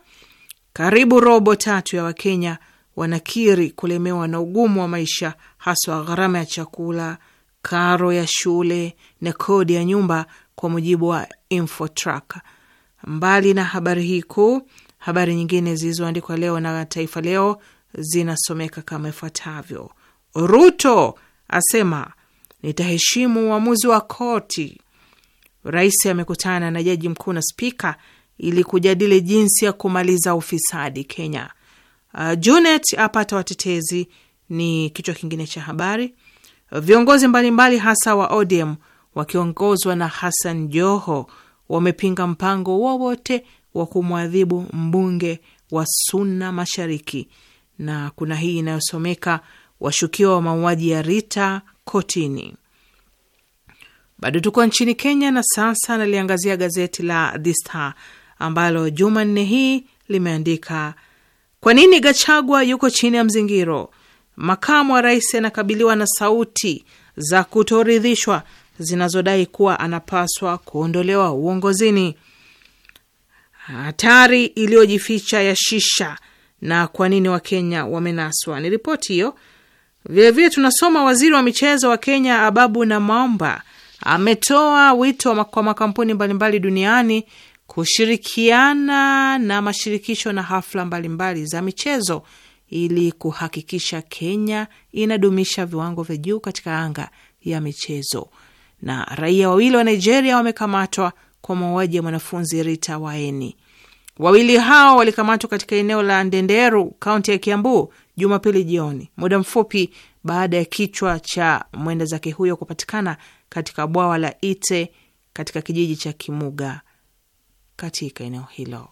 karibu robo tatu ya Wakenya wanakiri kulemewa na ugumu wa maisha, haswa gharama ya chakula, karo ya shule na kodi ya nyumba, kwa mujibu wa Infotrak. Mbali na habari hii kuu, habari nyingine zilizoandikwa leo na Taifa Leo zinasomeka kama ifuatavyo: Ruto asema nitaheshimu uamuzi wa koti. Rais amekutana na jaji mkuu na spika ili kujadili jinsi ya kumaliza ufisadi Kenya. Uh, Junet apata watetezi ni kichwa kingine cha habari. Viongozi mbalimbali mbali hasa wa ODM wakiongozwa na Hassan Joho wamepinga mpango wowote wa kumwadhibu mbunge wa Suna Mashariki na kuna hii inayosomeka washukiwa wa mauaji ya Rita kotini. Bado tuko nchini Kenya na sasa naliangazia gazeti la The Star ambalo Jumanne hii limeandika kwa nini Gachagua yuko chini ya mzingiro? Makamu wa rais anakabiliwa na sauti za kutoridhishwa zinazodai kuwa anapaswa kuondolewa uongozini. Hatari iliyojificha ya shisha na kwa nini Wakenya wamenaswa. Ni ripoti hiyo. Vilevile tunasoma waziri wa michezo wa Kenya Ababu Namwamba ametoa wito kwa makampuni mbalimbali duniani kushirikiana na mashirikisho na hafla mbalimbali za michezo ili kuhakikisha Kenya inadumisha viwango vya juu katika anga ya michezo. Na raia wawili wa Nigeria wamekamatwa kwa mauaji ya mwanafunzi Rita Waeni. Wawili hao walikamatwa katika eneo la Ndenderu, kaunti ya Kiambu, Jumapili jioni, muda mfupi baada ya kichwa cha mwenda zake huyo kupatikana katika bwawa la Ite katika kijiji cha Kimuga katika eneo hilo.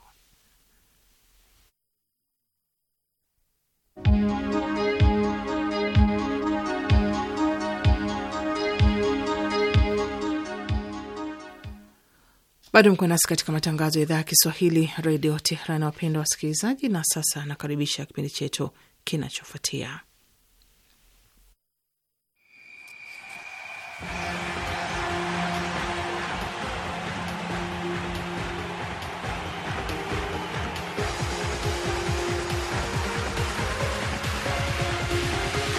Bado mko nasi katika matangazo ya idhaa ya Kiswahili redio Tehran, wapendwa wasikilizaji, na sasa anakaribisha kipindi chetu kinachofuatia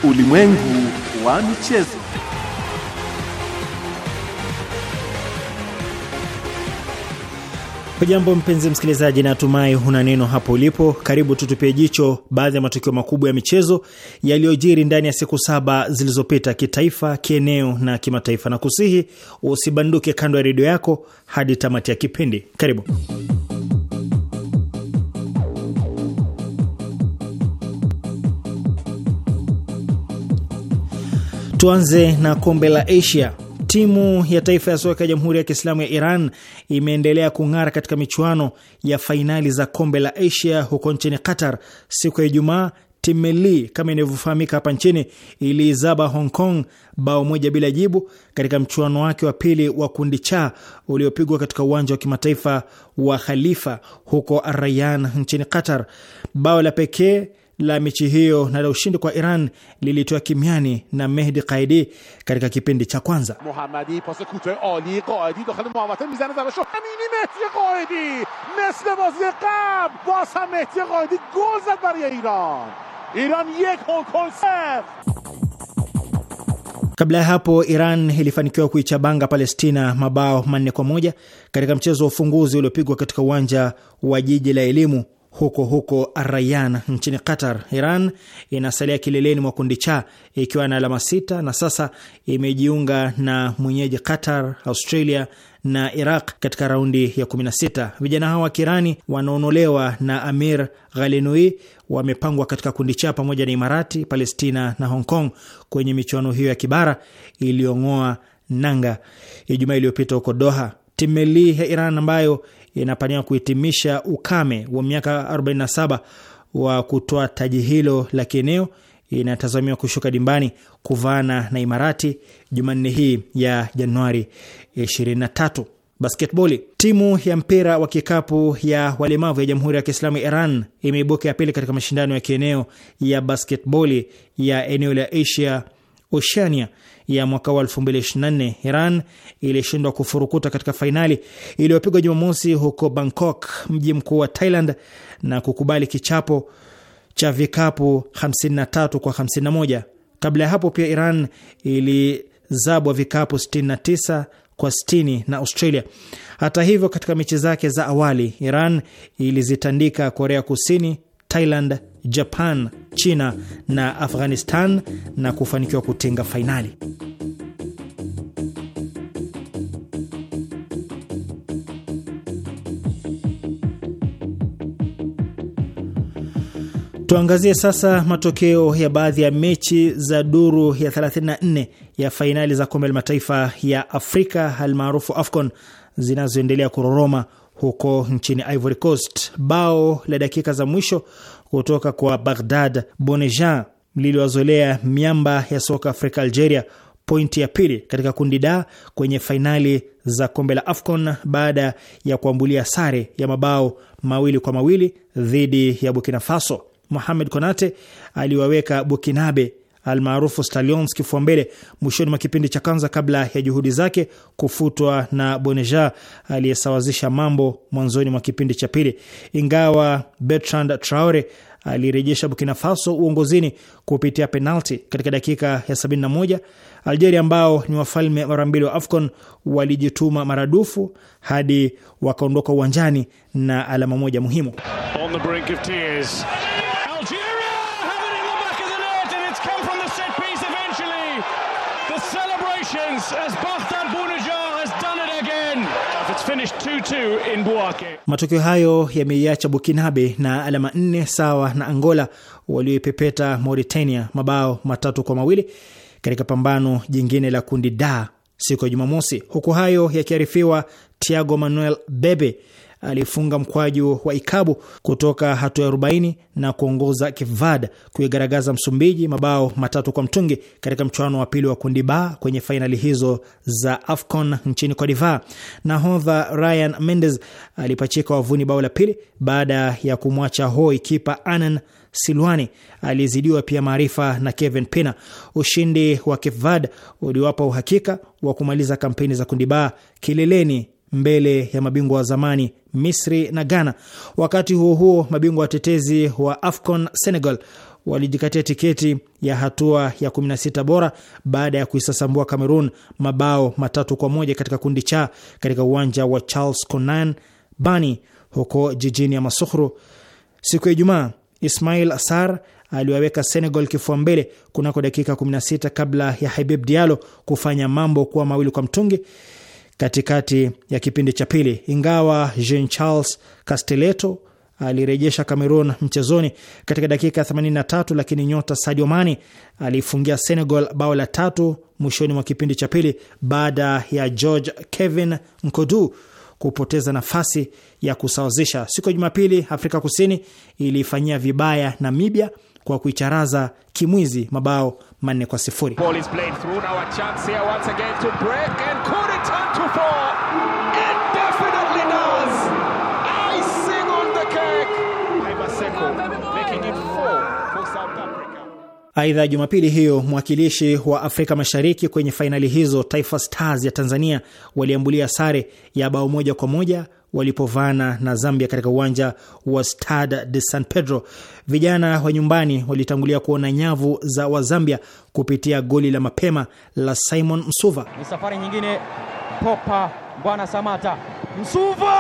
Ulimwengu wa Michezo. Hujambo mpenzi msikilizaji, natumai huna neno hapo ulipo. Karibu tutupie jicho baadhi ya matukio makubwa ya michezo yaliyojiri ndani ya siku saba zilizopita, kitaifa, kieneo na kimataifa, na kusihi usibanduke kando ya redio yako hadi tamati ya kipindi. Karibu. Tuanze na kombe la Asia Timu ya taifa ya soka ya Jamhuri ya Kiislamu ya Iran imeendelea kung'ara katika michuano ya fainali za kombe la Asia huko nchini Qatar. Siku ya Ijumaa, timu Melli kama inavyofahamika hapa nchini iliizaba Hong Kong bao moja bila jibu katika mchuano wake wa pili wa kundi cha uliopigwa katika uwanja wa kimataifa wa Khalifa huko Ar Rayyan nchini Qatar. Bao la pekee la mechi hiyo na la ushindi kwa Iran lilitoa kimiani na Mehdi Qaidi katika kipindi cha kwanza. Kabla ya hapo Iran ilifanikiwa kuichabanga Palestina mabao manne kwa moja katika mchezo wa ufunguzi uliopigwa katika uwanja wa jiji la elimu huko huko Rayan nchini Qatar. Iran inasalia kileleni mwa kundi cha ikiwa na alama sita na sasa imejiunga na mwenyeji Qatar, Australia na Iraq katika raundi ya 16. Vijana hao wa Kirani wanaonolewa na Amir Ghalinui wamepangwa katika kundi cha pamoja na Imarati, Palestina na Hong Kong kwenye michuano hiyo ya kibara iliyong'oa nanga Ijumaa iliyopita huko Doha. Timu ya Iran ambayo inapania kuhitimisha ukame wa miaka 47 wa kutoa taji hilo la kieneo inatazamiwa kushuka dimbani kuvaana na Imarati Jumanne hii ya Januari 23. Basketboli. Timu ya mpira wa kikapu ya walemavu ya Jamhuri ya Kiislamu Iran imeibuka ya pili katika mashindano ya kieneo ya basketboli ya eneo la Asia Oceania ya mwaka wa 2024 Iran ilishindwa kufurukuta katika fainali iliyopigwa Jumamosi huko Bangkok, mji mkuu wa Thailand, na kukubali kichapo cha vikapu 53 kwa 51. Kabla ya hapo pia Iran ilizabwa vikapu 69 kwa 60 na Australia. Hata hivyo, katika mechi zake za awali Iran ilizitandika Korea Kusini Thailand, Japan, China na Afghanistan na kufanikiwa kutinga fainali. Tuangazie sasa matokeo ya baadhi ya mechi za duru ya 34 ya fainali za kombe la mataifa ya Afrika almaarufu AFCON zinazoendelea kuroroma huko nchini Ivory Coast. Bao la dakika za mwisho kutoka kwa Baghdad Bonejan liliwazolea miamba ya soka Afrika Algeria pointi ya pili katika kundi da kwenye fainali za kombe la AFCON baada ya kuambulia sare ya mabao mawili kwa mawili dhidi ya Burkina Faso. Mohamed Konate aliwaweka Bukinabe almaarufu Stallions kifua mbele mwishoni mwa kipindi cha kwanza, kabla ya juhudi zake kufutwa na Boneja aliyesawazisha mambo mwanzoni mwa kipindi cha pili. Ingawa Bertrand Traore alirejesha Burkina Faso uongozini kupitia penalti katika dakika ya 71, Algeria ambao ni wafalme mara mbili wa AFCON walijituma maradufu hadi wakaondoka uwanjani na alama moja muhimu On the brink of tears. Matokeo hayo yameiacha Bukinabe na alama nne sawa na Angola walioipepeta Mauritania mabao matatu kwa mawili katika pambano jingine la kundi da siku ya Jumamosi. Huku hayo yakiarifiwa, Tiago Manuel Bebe alifunga mkwaju wa ikabu kutoka hatua ya 40 na kuongoza Kivada kuigaragaza Msumbiji mabao matatu kwa mtungi katika mchuano wa pili wa kundi ba kwenye fainali hizo za AFCON nchini Cote d'Ivoire. Nahodha Ryan Mendes alipachika wavuni bao la pili baada ya kumwacha hoi kipa Anan Silwani alizidiwa pia maarifa na Kevin Pina. Ushindi wa Cape uliwapa uhakika wa kumaliza kampeni za kundi ba kileleni mbele ya mabingwa wa zamani Misri na Ghana. Wakati huo huo, mabingwa watetezi wa AFCON Senegal walijikatia tiketi ya hatua ya 16 bora baada ya kuisasambua Cameroon mabao matatu kwa moja katika kundi cha katika uwanja wa Charles Konan Bani huko jijini ya Masukhru siku ya Ijumaa. Ismail Assar aliwaweka Senegal kifua mbele kunako dakika 16 kabla ya Habib Diallo kufanya mambo kuwa mawili kwa mtungi katikati ya kipindi cha pili, ingawa Jean Charles Castelletto alirejesha Cameroon mchezoni katika dakika ya 83, lakini nyota Sadio Mane aliifungia Senegal bao la tatu mwishoni mwa kipindi cha pili baada ya George Kevin Nkodu kupoteza nafasi ya kusawazisha. Siku ya Jumapili, Afrika Kusini ilifanyia vibaya Namibia kwa kuicharaza kimwizi mabao manne kwa sifuri. Aidha, Jumapili hiyo mwakilishi wa Afrika Mashariki kwenye fainali hizo Taifa Stars ya Tanzania waliambulia sare ya bao moja kwa moja walipovana na Zambia katika uwanja wa Stade de San Pedro. Vijana wa nyumbani walitangulia kuona nyavu za Wazambia kupitia goli la mapema la Simon Msuva. Ni safari nyingine, popa Bwana Samata Msuva,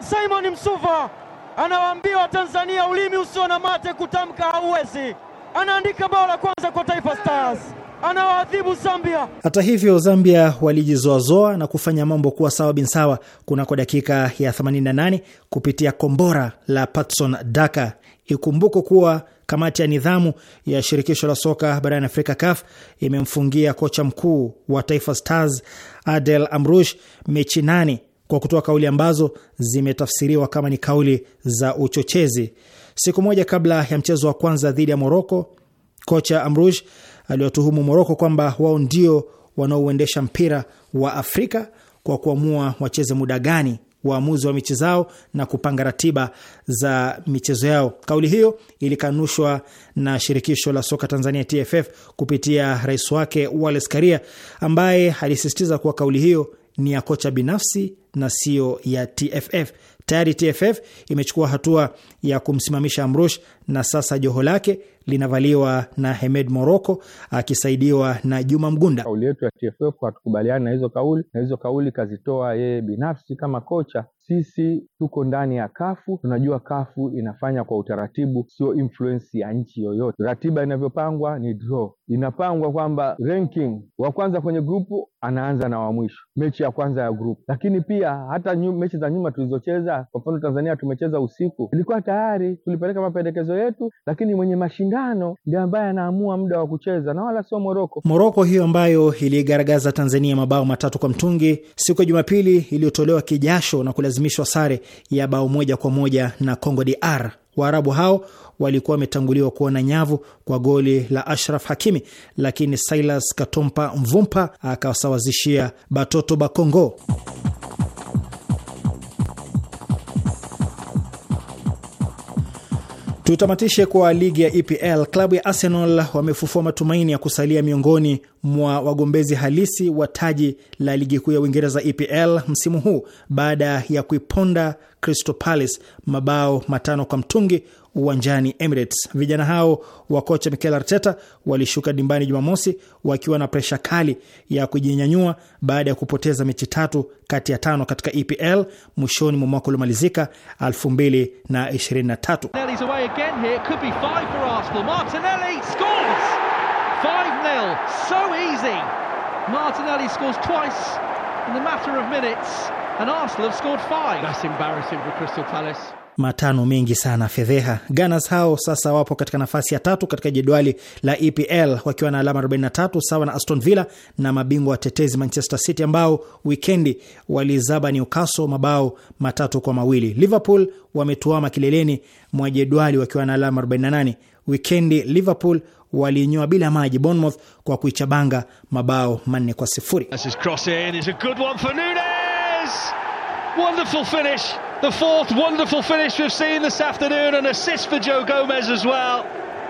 Simon Msuva anawaambia Watanzania ulimi usio na mate kutamka hauwezi. Anaandika bao la kwanza kwa Taifa Stars, anawaadhibu Zambia. Hata hivyo, Zambia walijizoazoa na kufanya mambo kuwa sawa bin sawa kunako dakika ya 88 kupitia kombora la Patson Daka. Ikumbuko kuwa kamati ya nidhamu ya shirikisho la soka barani Afrika, CAF, imemfungia kocha mkuu wa Taifa Stars Adel Amrush mechi nane kwa kutoa kauli ambazo zimetafsiriwa kama ni kauli za uchochezi. Siku moja kabla ya mchezo wa kwanza dhidi ya Moroko, kocha Amrouche aliwatuhumu Moroko kwamba wao ndio wanaouendesha mpira wa Afrika kwa kuamua wacheze muda gani, waamuzi wa mechi zao na kupanga ratiba za michezo yao. Kauli hiyo ilikanushwa na shirikisho la soka Tanzania TFF kupitia rais wake Wallace Karia ambaye alisisitiza kuwa kauli hiyo ni ya kocha binafsi na sio ya TFF. Tayari TFF imechukua hatua ya kumsimamisha Amrush na sasa joho lake linavaliwa na Hemed Moroko akisaidiwa na Juma Mgunda. Kauli yetu ya TFF hatukubaliani na hizo kauli, na hizo kauli kazitoa yeye binafsi kama kocha. Sisi tuko ndani ya kafu, tunajua kafu inafanya kwa utaratibu, sio influensi ya nchi yoyote. Ratiba inavyopangwa ni draw, inapangwa kwamba ranking wa kwanza kwenye grupu anaanza na wa mwisho, mechi ya kwanza ya grupu, lakini pia pia hata mechi za nyuma tulizocheza, kwa mfano Tanzania tumecheza usiku, ilikuwa tayari tulipeleka mapendekezo yetu, lakini mwenye mashindano ndio ambaye anaamua muda wa kucheza na wala sio Moroko. Moroko hiyo ambayo iliigaragaza Tanzania mabao matatu kwa mtungi siku ya Jumapili iliyotolewa kijasho na kulazimishwa sare ya bao moja kwa moja na Congo DR. Waarabu hao walikuwa wametanguliwa kuona nyavu kwa goli la Ashraf Hakimi, lakini Silas Katompa Mvumpa akawasawazishia Batoto Bakongo. Tutamatishe kwa ligi ya EPL. Klabu ya Arsenal wamefufua matumaini ya kusalia miongoni mwa wagombezi halisi wa taji la ligi kuu ya Uingereza EPL msimu huu baada ya kuiponda Crystal Palace mabao matano kwa mtungi uwanjani Emirates. Vijana hao wa kocha Mikel Arteta walishuka dimbani Jumamosi wakiwa na presha kali ya kujinyanyua baada ya kupoteza mechi tatu kati ya tano katika EPL mwishoni mwa mwaka uliomalizika 2023. the matter of minutes and Arsenal have scored five. That's embarrassing for Crystal Palace matano mengi sana fedheha. Gunners hao sasa wapo katika nafasi ya tatu katika jedwali la EPL wakiwa na alama 43 sawa na Aston Villa na mabingwa watetezi Manchester City ambao wikendi walizaba Newcastle mabao matatu kwa mawili. Liverpool wametuama kileleni mwa jedwali wakiwa na alama 48. Wikendi Liverpool walinywa bila maji Bournemouth kwa kuichabanga mabao manne kwa sifuri. The fourth wonderful finish we've seen this afternoon, an assist for Joe Gomez as well.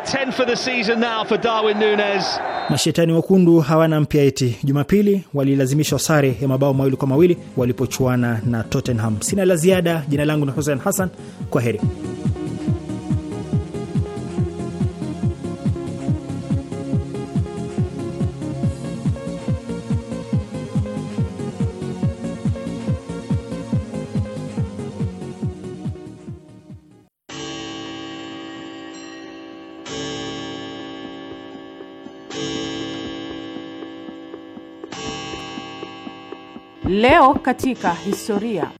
10 for the season now for Darwin Nunez. Mashetani wekundu hawana mpya eti Jumapili walilazimishwa sare ya mabao mawili kwa mawili walipochuana na Tottenham. Sina la ziada. Jina langu ni Hussein Hassan, kwa heri. Leo katika historia.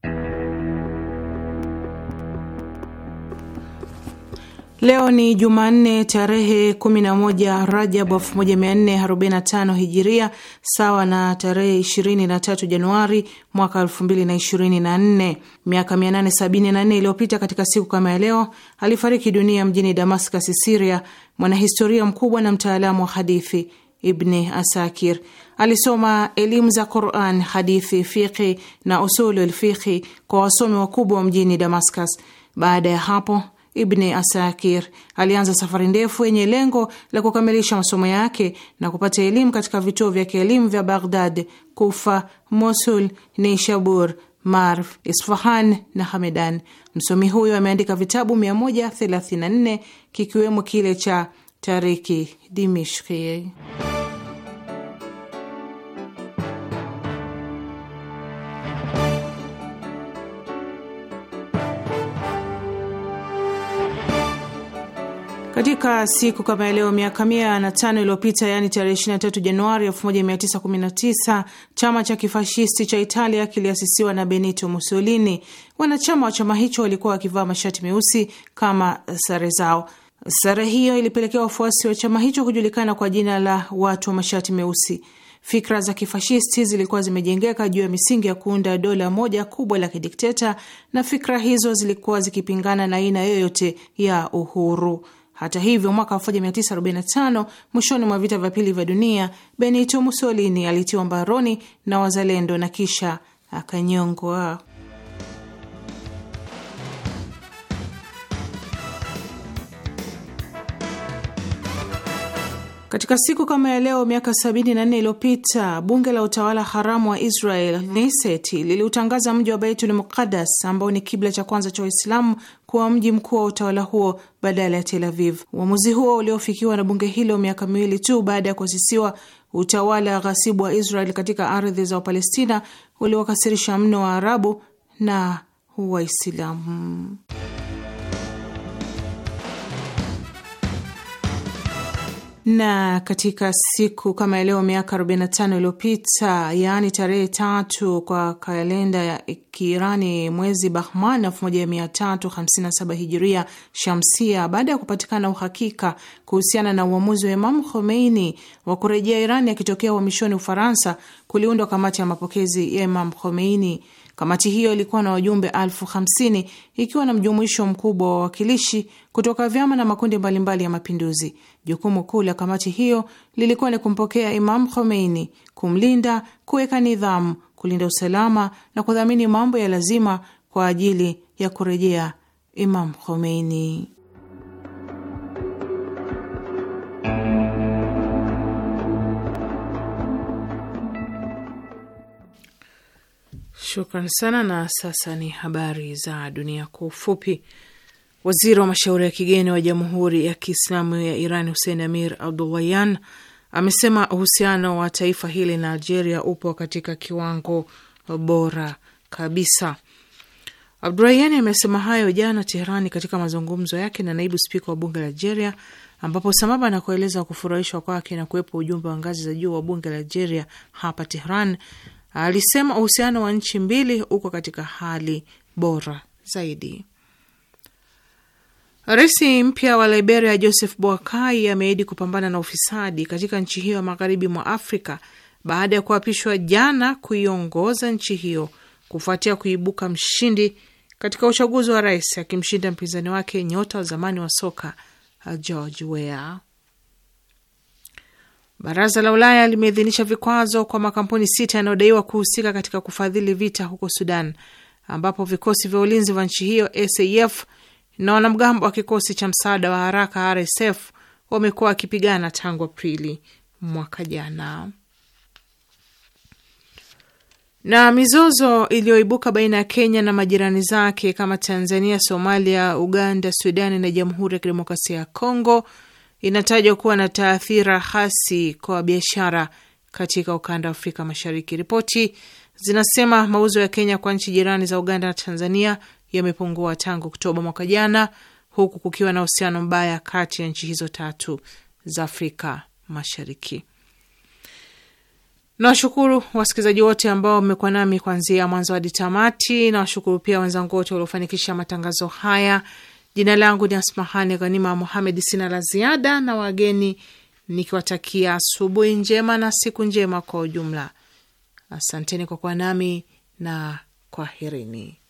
Leo ni Jumanne tarehe 11 Rajab 1445 Hijiria, sawa na tarehe 23 Januari mwaka 2024. Miaka 874 iliyopita katika siku kama ya leo alifariki dunia mjini Damascus, Siria, mwanahistoria mkubwa na mtaalamu wa hadithi Ibni Asakir alisoma elimu za Quran, hadithi, fiqhi na usulul fiqhi kwa wasomi wakubwa mjini Damascus. Baada ya hapo Ibni Asakir alianza safari ndefu yenye lengo la kukamilisha masomo yake na kupata elimu katika vituo vya kielimu vya Baghdad, Kufa, Mosul, Neishabur, Marv, Isfahan na Hamedan. Msomi huyo ameandika vitabu 134 kikiwemo kile cha tariki Dimishki. Katika siku kama leo miaka mia na tano iliyopita, yaani tarehe 23 Januari 1919, chama cha kifashisti cha Italia kiliasisiwa na Benito Mussolini. Wanachama wa chama hicho walikuwa wakivaa mashati meusi kama sare zao sare hiyo ilipelekea wafuasi wa chama hicho kujulikana kwa jina la watu wa mashati meusi. Fikra za kifashisti zilikuwa zimejengeka juu ya misingi ya kuunda dola moja kubwa la kidikteta, na fikra hizo zilikuwa zikipingana na aina yoyote ya uhuru. Hata hivyo, mwaka 1945 mwishoni mwa vita vya pili vya dunia, Benito Mussolini alitiwa mbaroni na wazalendo na kisha akanyongwa. Katika siku kama ya leo miaka 74 iliyopita bunge la utawala haramu wa Israel Knesset liliutangaza mji wa Baitul Muqaddas ambao ni kibla cha kwanza cha Waislamu kuwa mji mkuu wa utawala huo badala ya Tel Aviv. Uamuzi huo uliofikiwa na bunge hilo miaka miwili tu baada ya kuasisiwa utawala ghasibu wa Israel katika ardhi za Wapalestina uliwakasirisha mno wa arabu na Waislamu. na katika siku kama leo miaka 45 iliyopita, yaani tarehe tatu kwa kalenda ya Kiirani, mwezi Bahman 1357 hijiria shamsia, baada ya kupatikana uhakika kuhusiana na uamuzi wa Imam Khomeini wa kurejea Irani akitokea uhamishoni Ufaransa, kuliundwa kamati ya mapokezi ya Imam Khomeini. Kamati hiyo ilikuwa na wajumbe elfu hamsini ikiwa na mjumuisho mkubwa wa wawakilishi kutoka vyama na makundi mbalimbali ya mapinduzi. Jukumu kuu la kamati hiyo lilikuwa ni kumpokea Imam Khomeini, kumlinda, kuweka nidhamu, kulinda usalama na kudhamini mambo ya lazima kwa ajili ya kurejea Imam Khomeini. Shukran sana. Na sasa ni habari za dunia kwa ufupi. Waziri wa mashauri ya kigeni wa Jamhuri ya Kiislamu ya Iran Hussein Amir Abdullayan amesema uhusiano wa taifa hili na Algeria upo katika kiwango bora kabisa. Abdurayani amesema hayo jana Teherani katika mazungumzo yake na naibu spika wa bunge la Algeria, ambapo sambamba na kueleza kufurahishwa kwake na kuwepo ujumbe wa ngazi za juu wa bunge la Algeria hapa Tehran, alisema uhusiano wa nchi mbili uko katika hali bora zaidi. Rais mpya wa Liberia Joseph Boakai ameahidi kupambana na ufisadi katika nchi hiyo ya magharibi mwa Afrika baada ya kuapishwa jana kuiongoza nchi hiyo kufuatia kuibuka mshindi katika uchaguzi wa rais akimshinda mpinzani wake nyota wa zamani wa soka George Weah. Baraza la Ulaya limeidhinisha vikwazo kwa makampuni sita yanayodaiwa kuhusika katika kufadhili vita huko Sudan, ambapo vikosi vya ulinzi wa nchi hiyo SAF na wanamgambo wa kikosi cha msaada wa haraka RSF wamekuwa wakipigana tangu Aprili mwaka jana. Na mizozo iliyoibuka baina ya Kenya na majirani zake kama Tanzania, Somalia, Uganda, Sudani na Jamhuri ya Kidemokrasia ya Kongo inatajwa kuwa na taathira hasi kwa biashara katika ukanda wa Afrika Mashariki. Ripoti zinasema mauzo ya Kenya kwa nchi jirani za Uganda na Tanzania yamepungua tangu Oktoba mwaka jana, huku kukiwa na uhusiano mbaya kati ya nchi hizo tatu za Afrika Mashariki. Nawashukuru wasikilizaji wote ambao mmekuwa nami kuanzia mwanzo hadi tamati. Nawashukuru pia wenzangu wote waliofanikisha matangazo haya. Jina langu ni Asmahani Ghanima muhamed Sina la ziada na wageni, nikiwatakia asubuhi njema na siku njema kwa ujumla. Asanteni kwa kuwa nami na kwaherini.